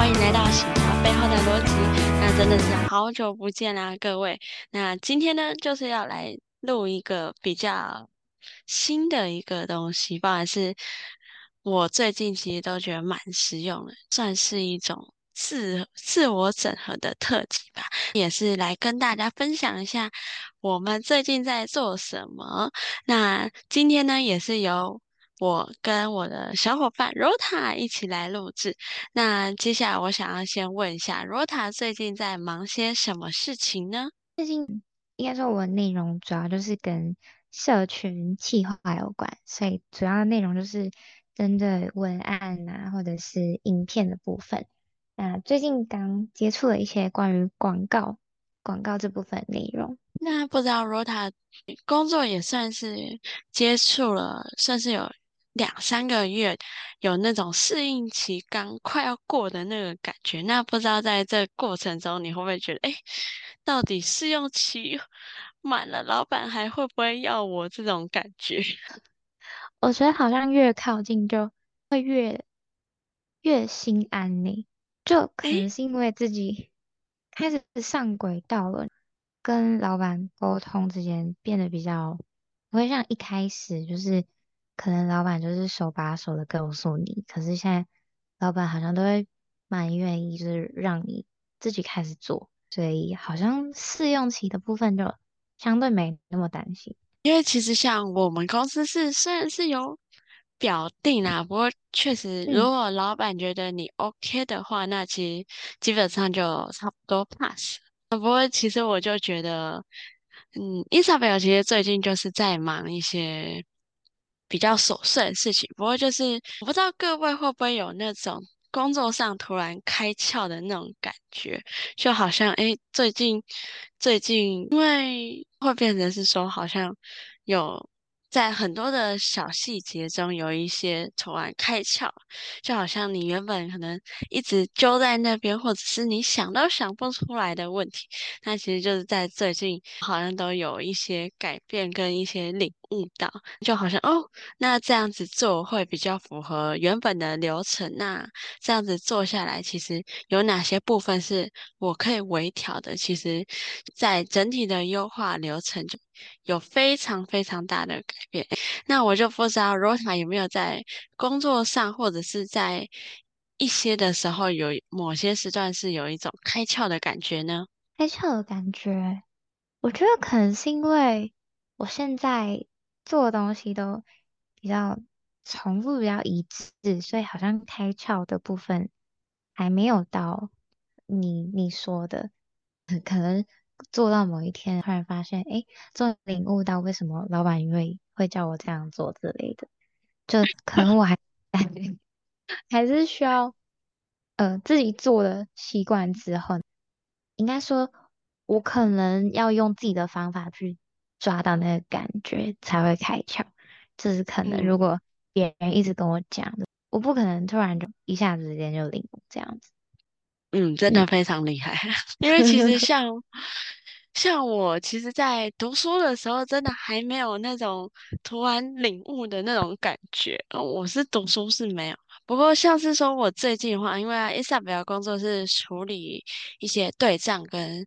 歡迎來到《行銷背後的邏輯》，那真的是好久不見啦，各位。那今天呢，就是要來錄一個比較新的一個東西吧，還是我最近其實都覺得蠻實用的，算是一種自自我整合的特輯吧，也是來跟大家分享一下我們最近在做什麼。那今天呢，也是由。我跟我的小伙伴 Rota 一起來錄制。那接下來我想要先問一下，Rota 最近在忙些什麼事情呢？最近應該說，我內容主要就是跟社群企劃有關，所以主要的內容就是針對文案啊，或者是影片的部分。那最近剛接觸了一些關於廣告，廣告這部分內容。那不知道 Rota 工作也算是接觸了，算是有。兩三個月有那種適應期剛快要過的那個感覺，那不知道在這個過程中你會不會覺得，哎，到底試用期滿了，老闆還會不會要我？這種感覺，我覺得好像越靠近就會越越心安你、欸、就可能是因為自己開始上軌道了，誒跟老闆溝通之間變得比較不會像一開始就是。可能老闆就是手把手的告訴你，可是現在老闆好像都會蠻願意，就是讓你自己開始做，所以好像試用期的部分就相對沒那麼擔心。因為其實像我們公司是雖然是有表定啦、啊，不過確實如果老闆覺得你 OK 的話，嗯、那其實基本上就差不多 pass、啊。不過其實我就覺得，嗯，伊莎貝爾其實最近就是在忙一些。比較瑣碎的事情，不過就是我不知道各位會不會有那種工作上突然開竅的那種感覺，就好像誒、欸、最近最近因為會變成是說，好像有在很多的小細節中有一些突然開竅，就好像你原本可能一直揪在那邊，或者是你想都想不出來的問題，那其實就是在最近好像都有一些改變跟一些領悟到就好像哦，那這樣子做會比較符合原本的流程。那這樣子做下來，其實有哪些部分是我可以微調的？其實，在整體的優化流程就有非常非常大的改變。那我就不知道 Rota 有沒有在工作上或者是在一些的時候，有某些時段是有一種開竅的感覺呢？開竅的感覺，我覺得可能是因為我現在。做的東西都比較重複，比較一致，所以好像開竅的部分還沒有到你你說的，可能做到某一天突然發現，哎、欸，終於領悟到為什麼老闆會會叫我這樣做之類的，就可能我還感覺 還是需要呃自己做的習慣之後，應該說我可能要用自己的方法去。抓到那個感覺才會開竅，這、就是可能。如果別人一直跟我講，嗯、我不可能突然就一下子之間就領悟這樣子。嗯，真的非常厲害。嗯、因為其實像 像我，其實，在讀書的時候，真的還沒有那種突然領悟的那種感覺。我是讀書是沒有，不過像是說我最近的話，因為啊，伊莎貝爾的工作是處理一些對賬跟。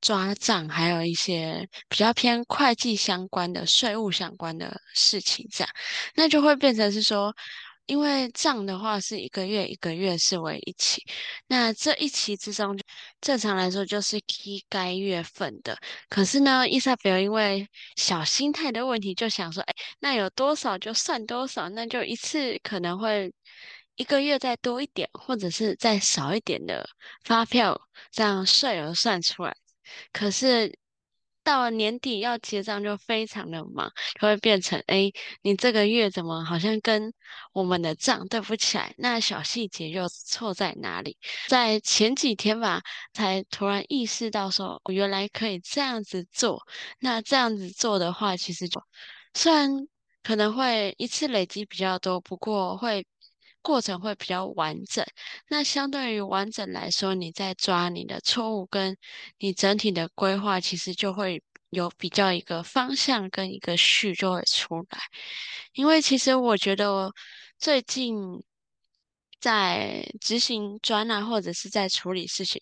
抓賬，還有一些比較偏會計相關的、稅務相關的事情，這樣那就會變成是說，因為賬的話是一個月一個月視為一期，那這一期之中，正常來說就是期該月份的。可是呢，伊莎貝因為小心態的問題，就想說，哎，那有多少就算多少，那就一次可能會一個月再多一點，或者是再少一點的發票，這樣稅額算出來。可是到了年底要結賬就非常的忙，就會變成誒，你這個月怎麼好像跟我們的賬對不起來？那小細節又錯在哪裡？在前幾天吧，才突然意識到說，我、哦、原來可以這樣子做。那這樣子做的話，其實就雖然可能會一次累積比較多，不過會。過程會比較完整，那相對於完整來說，你在抓你的錯誤，跟你整體的規劃，其實就會有比較一個方向跟一個序就會出來。因為其實我覺得我最近。在執行專案或者是在處理事情，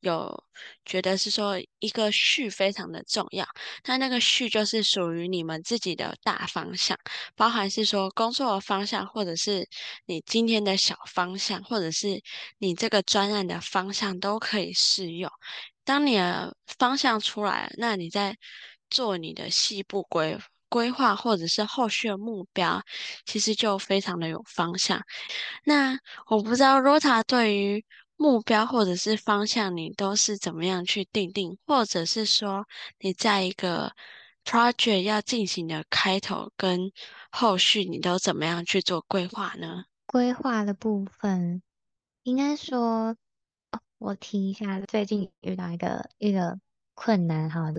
有覺得是說一個序非常的重要。它那，那個序就是屬於你們自己的大方向，包含是說工作的方向，或者是你今天的小方向，或者是你這個專案的方向都可以適用。當你的方向出來了，那你在做你的細部規劃。規劃或者是後續的目標，其實就非常的有方向。那我不知道 Rota 對於目標或者是方向，你都是怎麼樣去訂定，或者是說你在一個 project 要進行的開頭跟後續，你都怎麼樣去做規劃呢？規劃的部分，應該說，哦，我提一下最近遇到一個一個困難哈，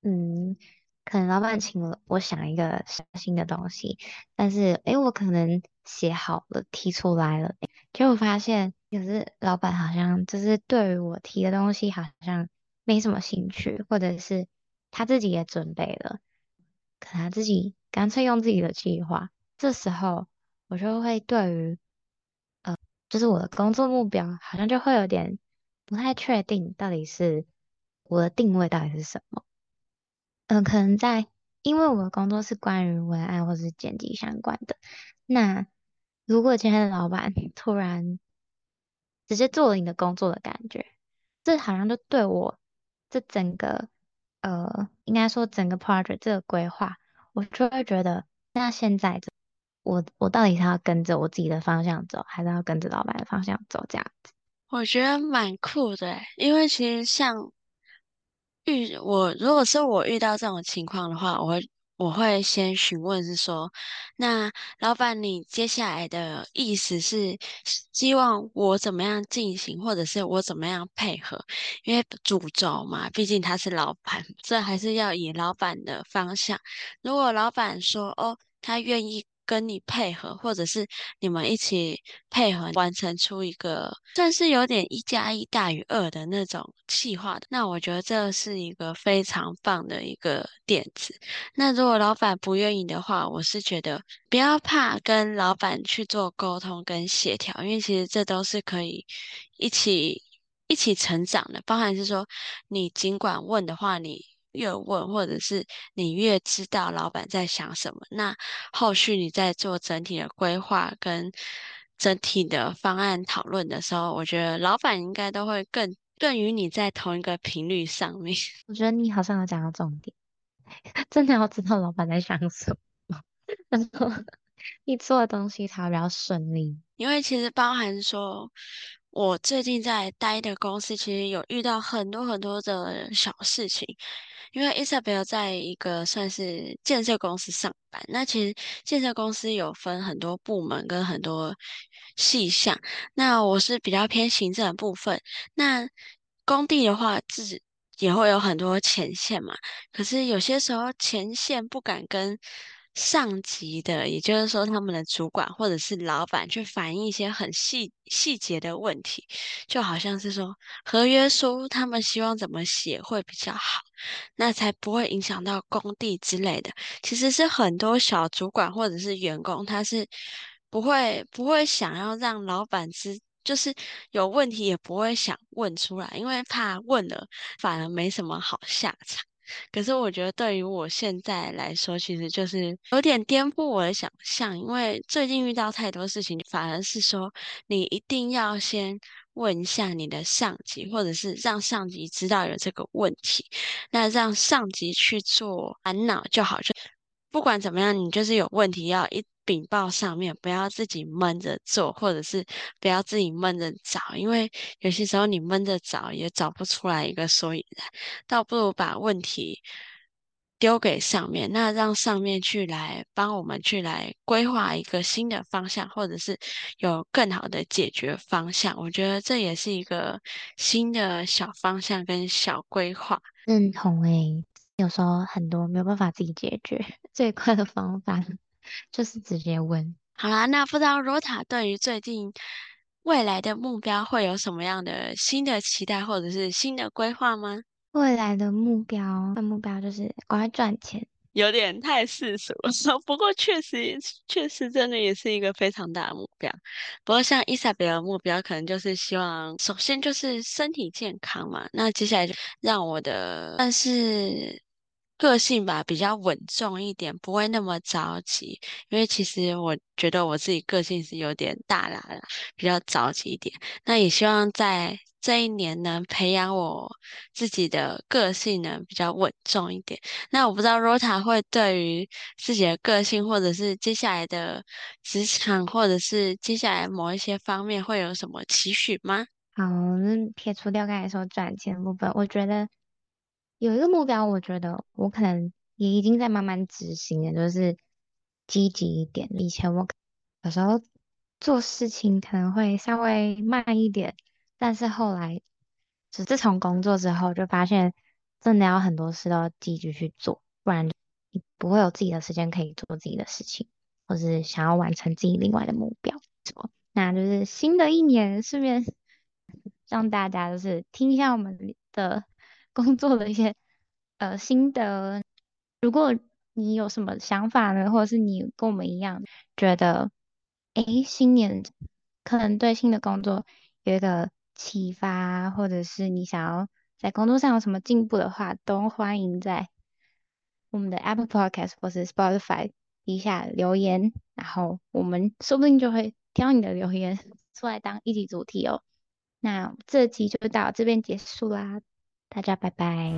嗯。可能老闆請了，我想一個小新的東西，但是誒、欸、我可能寫好了提出來了，結果、欸、發現就是老闆好像就是對於我提的東西好像沒什麼興趣，或者是他自己也準備了，可能他自己乾脆用自己的計劃，這時候我就會對於呃，就是我的工作目標好像就會有點不太確定，到底是我的定位到底是什麼。可能在，因為我的工作是關於文案或者是剪輯相關的。那如果今天的老闆突然直接做了你的工作的感覺，這好像就對我這整個呃，應該說整個 project 這個規劃，我就會覺得，那現在我我到底是要跟着我自己的方向走，還是要跟着老闆的方向走？這樣子。我覺得蠻酷的，因為其實像。遇我如果是我遇到這種情況的話，我會我會先詢問是說，那老闆你接下來的意思是希望我怎麼樣進行，或者是我怎麼樣配合？因為主軸嘛，畢竟他是老闆，這還是要以老闆的方向。如果老闆說哦，他願意。跟你配合，或者是你們一起配合完成出一個，算是有點一加一大於二的那種計劃的。那我覺得這是一個非常棒的一個點子。那如果老板不願意的話，我是覺得不要怕跟老板去做溝通跟協調，因為其實這都是可以一起一起成長的。包含是說，你儘管問的話，你。越問，或者是你越知道老闆在想什麼，那後續你在做整體的規劃跟整體的方案討論的時候，我覺得老闆應該都會更更與你在同一個頻率上面。我覺得你好像有講到重點，真的要知道老闆在想什麼， 你做的東西才比較順利。因為其實包含說。我最近在待的公司，其實有遇到很多很多的小事情。因為 Isabel 在一個算是建設公司上班，那其實建設公司有分很多部門跟很多細項。那我是比較偏行政的部分。那工地的話，自己也會有很多前線嘛。可是有些時候，前線不敢跟。上級的，也就是說，他們的主管或者是老板去反映一些很細細節的問題，就好像是說合約書，他們希望怎麼寫會比較好，那才不會影響到工地之類的。其實是很多小主管或者是員工，他是不會不會想要讓老板知，就是有問題也不會想問出來，因為怕問了反而沒什麼好下場。可是我覺得，對於我現在來說，其實就是有點顛覆我的想象。因為最近遇到太多事情，反而是說，你一定要先問一下你的上級，或者是讓上級知道有這個問題，那讓上級去做煩惱就好。就不管怎麼樣，你就是有問題要一。稟報上面，不要自己悶着做，或者是不要自己悶着找，因為有些時候你悶着找也找不出來一個所以然，倒不如把問題丟給上面，那讓上面去來幫我們去來規劃一個新的方向，或者是有更好的解決方向。我覺得這也是一個新的小方向跟小規劃。認同誒、欸，有時候很多沒有辦法自己解決，最快的方法。就是直接問。好啦，那不知道羅塔對於最近未來的目標會有什麼樣的新的期待或者是新的規劃嗎？未來的目標，目標就是我要賺錢，有點太世俗了。 不過確實，確實真的也是一個非常大的目標。不過像伊莎貝爾的目標，可能就是希望，首先就是身體健康嘛。那接下來就讓我的，但是。個性吧，比較穩重一點，不會那麼着急。因為其實我覺得我自己個性是有點大喇喇，比較着急一點。那也希望在這一年能培養我自己的個性，呢，比較穩重一點。那我不知道 Rota 會對於自己的個性，或者是接下來的職場，或者是接下來某一些方面，會有什麼期許嗎？好，那撇除掉剛才說賺錢部分，我覺得。有一個目標，我覺得我可能也已經在慢慢執行了，就是積極一點。以前我有時候做事情可能會稍微慢一點，但是後來就自從工作之後，就發現真的要很多事都要積極去做，不然你不會有自己的時間可以做自己的事情，或是想要完成自己另外的目標。那就是新的一年，順便讓大家就是聽一下我們的。工作的一些呃心得。如果你有什麼想法呢，或者是你跟我們一樣覺得誒、欸，新年可能對新的工作有一個啟發，或者是你想要在工作上有什麼進步的話，都歡迎在我們的 Apple Podcast 或是 Spotify 底下留言，然後我們說不定就會挑你的留言出來當一集主題哦。那這集就到這邊結束啦。大家拜拜。